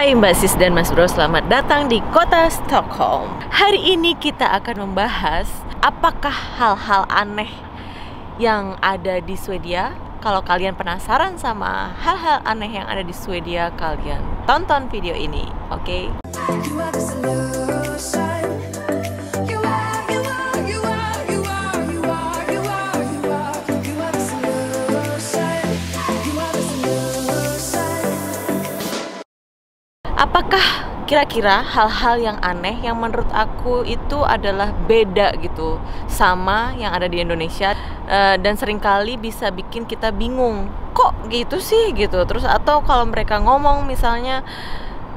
Hai Mbak Sis dan Mas Bro, selamat datang di kota Stockholm Hari ini kita akan membahas apakah hal-hal aneh yang ada di Swedia Kalau kalian penasaran sama hal-hal aneh yang ada di Swedia, kalian tonton video ini, oke? Okay? apakah kira-kira hal-hal yang aneh yang menurut aku itu adalah beda gitu sama yang ada di Indonesia e, dan seringkali bisa bikin kita bingung kok gitu sih gitu terus atau kalau mereka ngomong misalnya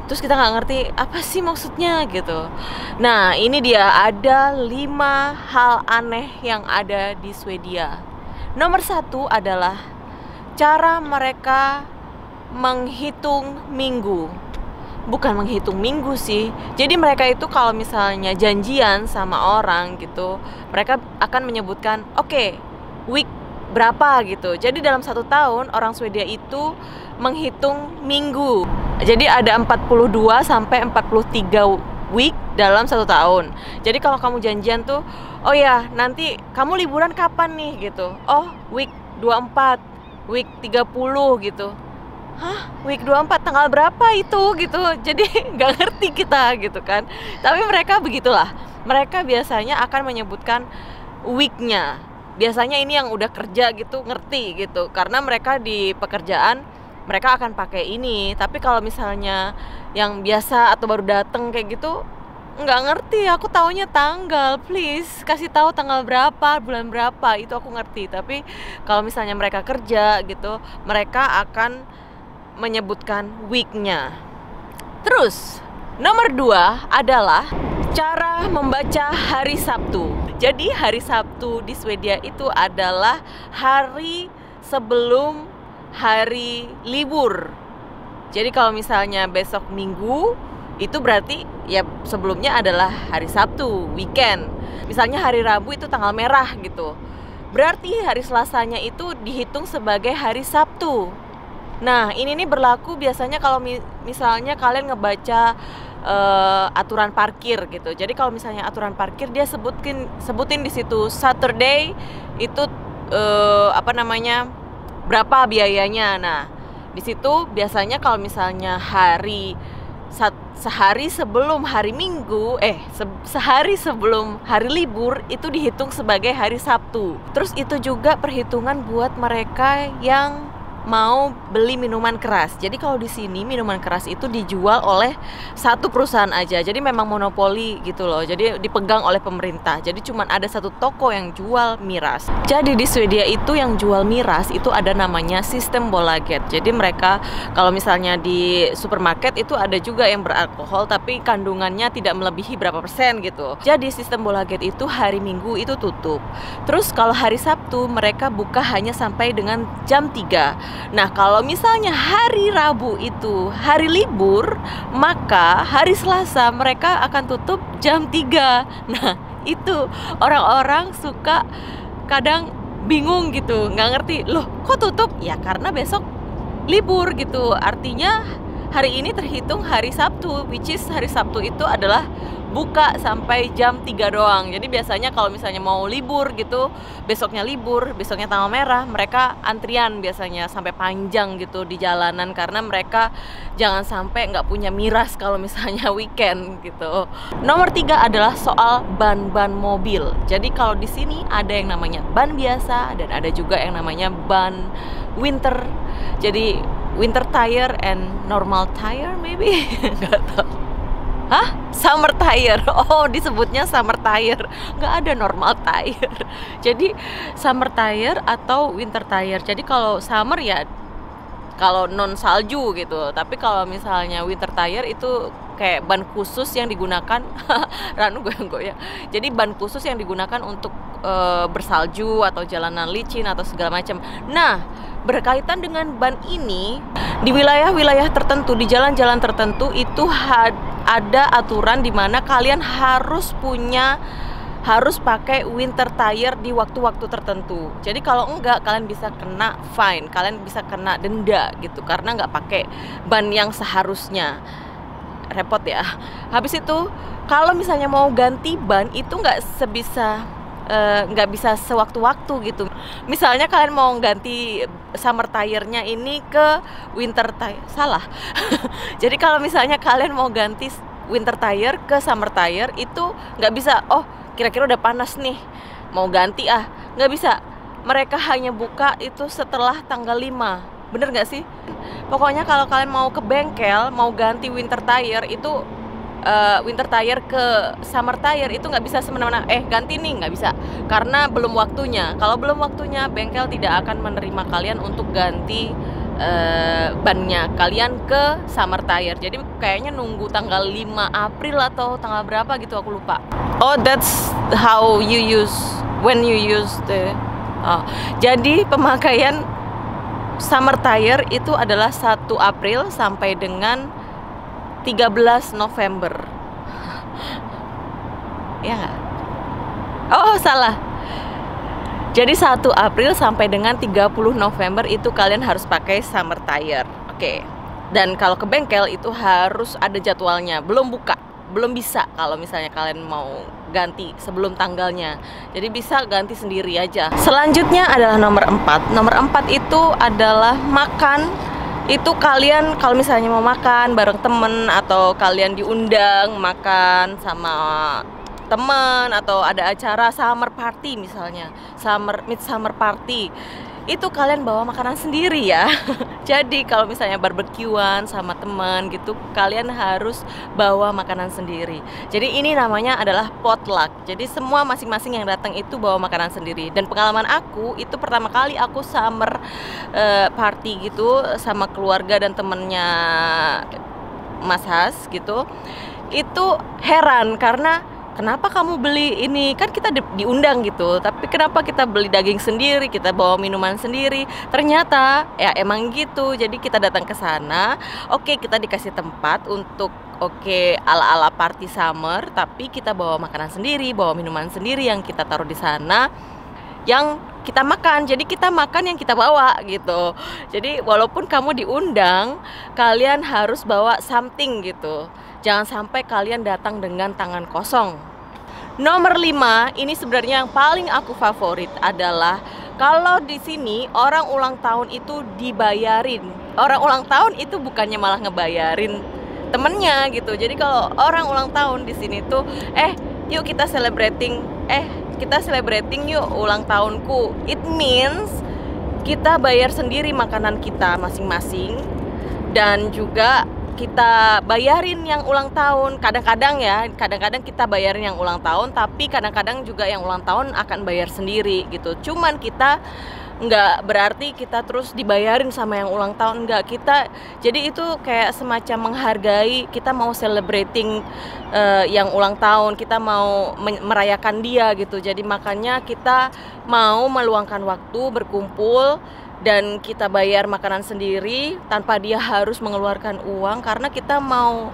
terus kita nggak ngerti apa sih maksudnya gitu. Nah ini dia ada lima hal aneh yang ada di Swedia. Nomor satu adalah cara mereka menghitung minggu bukan menghitung minggu sih. Jadi mereka itu kalau misalnya janjian sama orang gitu, mereka akan menyebutkan, oke, okay, week berapa gitu. Jadi dalam satu tahun orang Swedia itu menghitung minggu. Jadi ada 42 sampai 43 week dalam satu tahun. Jadi kalau kamu janjian tuh, oh ya nanti kamu liburan kapan nih gitu. Oh week 24, week 30 gitu hah week 24 tanggal berapa itu gitu jadi nggak ngerti kita gitu kan tapi mereka begitulah mereka biasanya akan menyebutkan weeknya biasanya ini yang udah kerja gitu ngerti gitu karena mereka di pekerjaan mereka akan pakai ini tapi kalau misalnya yang biasa atau baru dateng kayak gitu nggak ngerti aku taunya tanggal please kasih tahu tanggal berapa bulan berapa itu aku ngerti tapi kalau misalnya mereka kerja gitu mereka akan menyebutkan weeknya. Terus, nomor dua adalah cara membaca hari Sabtu. Jadi hari Sabtu di Swedia itu adalah hari sebelum hari libur. Jadi kalau misalnya besok Minggu itu berarti ya sebelumnya adalah hari Sabtu, weekend. Misalnya hari Rabu itu tanggal merah gitu. Berarti hari Selasanya itu dihitung sebagai hari Sabtu. Nah, ini nih berlaku biasanya kalau mi misalnya kalian ngebaca uh, aturan parkir gitu. Jadi kalau misalnya aturan parkir dia sebutin sebutin di situ Saturday itu uh, apa namanya? berapa biayanya. Nah, di situ biasanya kalau misalnya hari sehari sebelum hari Minggu, eh se sehari sebelum hari libur itu dihitung sebagai hari Sabtu. Terus itu juga perhitungan buat mereka yang mau beli minuman keras. Jadi kalau di sini minuman keras itu dijual oleh satu perusahaan aja. Jadi memang monopoli gitu loh. Jadi dipegang oleh pemerintah. Jadi cuma ada satu toko yang jual miras. Jadi di Swedia itu yang jual miras itu ada namanya sistem bolaget. Jadi mereka kalau misalnya di supermarket itu ada juga yang beralkohol tapi kandungannya tidak melebihi berapa persen gitu. Jadi sistem bolaget itu hari Minggu itu tutup. Terus kalau hari Sabtu mereka buka hanya sampai dengan jam 3 Nah, kalau misalnya hari Rabu itu hari libur, maka hari Selasa mereka akan tutup jam 3. Nah, itu orang-orang suka kadang bingung gitu, nggak ngerti. Loh, kok tutup? Ya karena besok libur gitu. Artinya hari ini terhitung hari Sabtu, which is hari Sabtu itu adalah buka sampai jam 3 doang. Jadi biasanya kalau misalnya mau libur gitu, besoknya libur, besoknya tanggal merah, mereka antrian biasanya sampai panjang gitu di jalanan karena mereka jangan sampai nggak punya miras kalau misalnya weekend gitu. Nomor tiga adalah soal ban-ban mobil. Jadi kalau di sini ada yang namanya ban biasa dan ada juga yang namanya ban winter. Jadi winter tire and normal tire maybe nggak tahu Hah? Summer tire. Oh, disebutnya summer tire. Nggak ada normal tire. Jadi summer tire atau winter tire. Jadi kalau summer ya kalau non salju gitu. Tapi kalau misalnya winter tire itu kayak ban khusus yang digunakan ranu goyang ya? Jadi ban khusus yang digunakan untuk e, bersalju atau jalanan licin atau segala macam. Nah, berkaitan dengan ban ini di wilayah-wilayah tertentu, di jalan-jalan tertentu itu had, ada aturan di mana kalian harus punya harus pakai winter tire di waktu-waktu tertentu. Jadi kalau enggak kalian bisa kena fine, kalian bisa kena denda gitu karena enggak pakai ban yang seharusnya. Repot ya. Habis itu kalau misalnya mau ganti ban itu enggak sebisa Eh, nggak uh, bisa sewaktu-waktu gitu. Misalnya kalian mau ganti summer tire-nya ini ke winter tire, salah. Jadi kalau misalnya kalian mau ganti winter tire ke summer tire itu nggak bisa. Oh, kira-kira udah panas nih, mau ganti ah, nggak bisa. Mereka hanya buka itu setelah tanggal 5 Bener nggak sih? Pokoknya kalau kalian mau ke bengkel, mau ganti winter tire itu uh, winter tire ke summer tire itu nggak bisa semena-mena eh ganti nih nggak bisa karena belum waktunya kalau belum waktunya bengkel tidak akan menerima kalian untuk ganti uh, bannya kalian ke summer tire jadi kayaknya nunggu tanggal 5 April atau tanggal berapa gitu aku lupa oh that's how you use when you use the oh. jadi pemakaian summer tire itu adalah 1 April sampai dengan 13 November ya nggak oh salah jadi 1 April sampai dengan 30 November itu kalian harus pakai summer tire oke dan kalau ke bengkel itu harus ada jadwalnya belum buka belum bisa kalau misalnya kalian mau ganti sebelum tanggalnya. Jadi bisa ganti sendiri aja. Selanjutnya adalah nomor 4. Nomor 4 itu adalah makan itu kalian kalau misalnya mau makan bareng temen atau kalian diundang makan sama temen atau ada acara summer party misalnya summer mid summer party itu kalian bawa makanan sendiri ya. Jadi kalau misalnya barbekyuan sama teman gitu, kalian harus bawa makanan sendiri. Jadi ini namanya adalah potluck. Jadi semua masing-masing yang datang itu bawa makanan sendiri. Dan pengalaman aku itu pertama kali aku summer uh, party gitu sama keluarga dan temennya Mas Has gitu. Itu heran karena kenapa kamu beli ini kan kita di, diundang gitu tapi kenapa kita beli daging sendiri kita bawa minuman sendiri ternyata ya emang gitu jadi kita datang ke sana oke okay, kita dikasih tempat untuk oke ala ala party summer tapi kita bawa makanan sendiri bawa minuman sendiri yang kita taruh di sana yang kita makan jadi kita makan yang kita bawa gitu jadi walaupun kamu diundang kalian harus bawa something gitu jangan sampai kalian datang dengan tangan kosong nomor lima ini sebenarnya yang paling aku favorit adalah kalau di sini orang ulang tahun itu dibayarin orang ulang tahun itu bukannya malah ngebayarin temennya gitu jadi kalau orang ulang tahun di sini tuh eh yuk kita celebrating eh kita celebrating yuk ulang tahunku it means kita bayar sendiri makanan kita masing-masing dan juga kita bayarin yang ulang tahun kadang-kadang ya kadang-kadang kita bayarin yang ulang tahun tapi kadang-kadang juga yang ulang tahun akan bayar sendiri gitu cuman kita nggak berarti kita terus dibayarin sama yang ulang tahun nggak kita jadi itu kayak semacam menghargai kita mau celebrating uh, yang ulang tahun kita mau merayakan dia gitu jadi makanya kita mau meluangkan waktu berkumpul dan kita bayar makanan sendiri tanpa dia harus mengeluarkan uang karena kita mau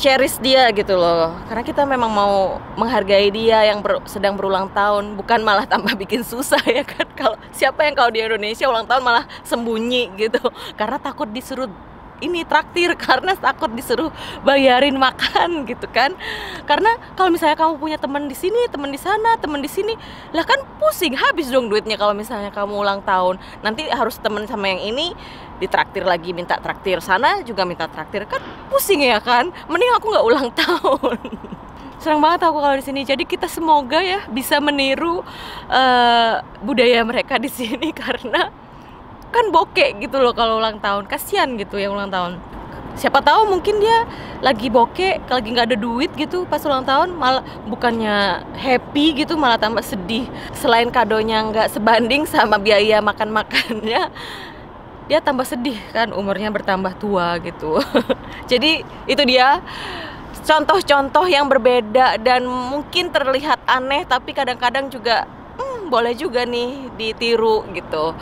cherish dia gitu loh karena kita memang mau menghargai dia yang ber, sedang berulang tahun bukan malah tambah bikin susah ya kan kalau siapa yang kalau di Indonesia ulang tahun malah sembunyi gitu karena takut disuruh ini traktir karena takut disuruh bayarin makan gitu kan karena kalau misalnya kamu punya teman di sini teman di sana teman di sini lah kan pusing habis dong duitnya kalau misalnya kamu ulang tahun nanti harus temen sama yang ini ditraktir lagi minta traktir sana juga minta traktir kan pusing ya kan mending aku nggak ulang tahun serang banget aku kalau di sini. Jadi kita semoga ya bisa meniru uh, budaya mereka di sini karena kan bokek gitu loh kalau ulang tahun kasihan gitu yang ulang tahun siapa tahu mungkin dia lagi bokek lagi nggak ada duit gitu pas ulang tahun malah bukannya happy gitu malah tambah sedih selain kadonya nggak sebanding sama biaya makan makannya dia tambah sedih kan umurnya bertambah tua gitu jadi itu dia contoh-contoh yang berbeda dan mungkin terlihat aneh tapi kadang-kadang juga hmm, boleh juga nih ditiru gitu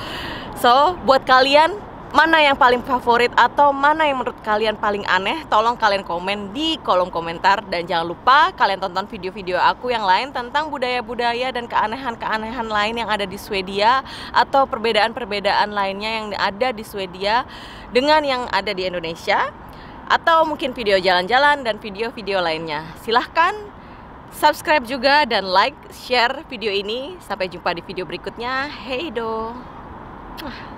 So, buat kalian mana yang paling favorit atau mana yang menurut kalian paling aneh, tolong kalian komen di kolom komentar dan jangan lupa kalian tonton video-video aku yang lain tentang budaya-budaya dan keanehan-keanehan lain yang ada di Swedia atau perbedaan-perbedaan lainnya yang ada di Swedia dengan yang ada di Indonesia atau mungkin video jalan-jalan dan video-video lainnya. Silahkan subscribe juga dan like, share video ini. Sampai jumpa di video berikutnya. Hey do! 哎。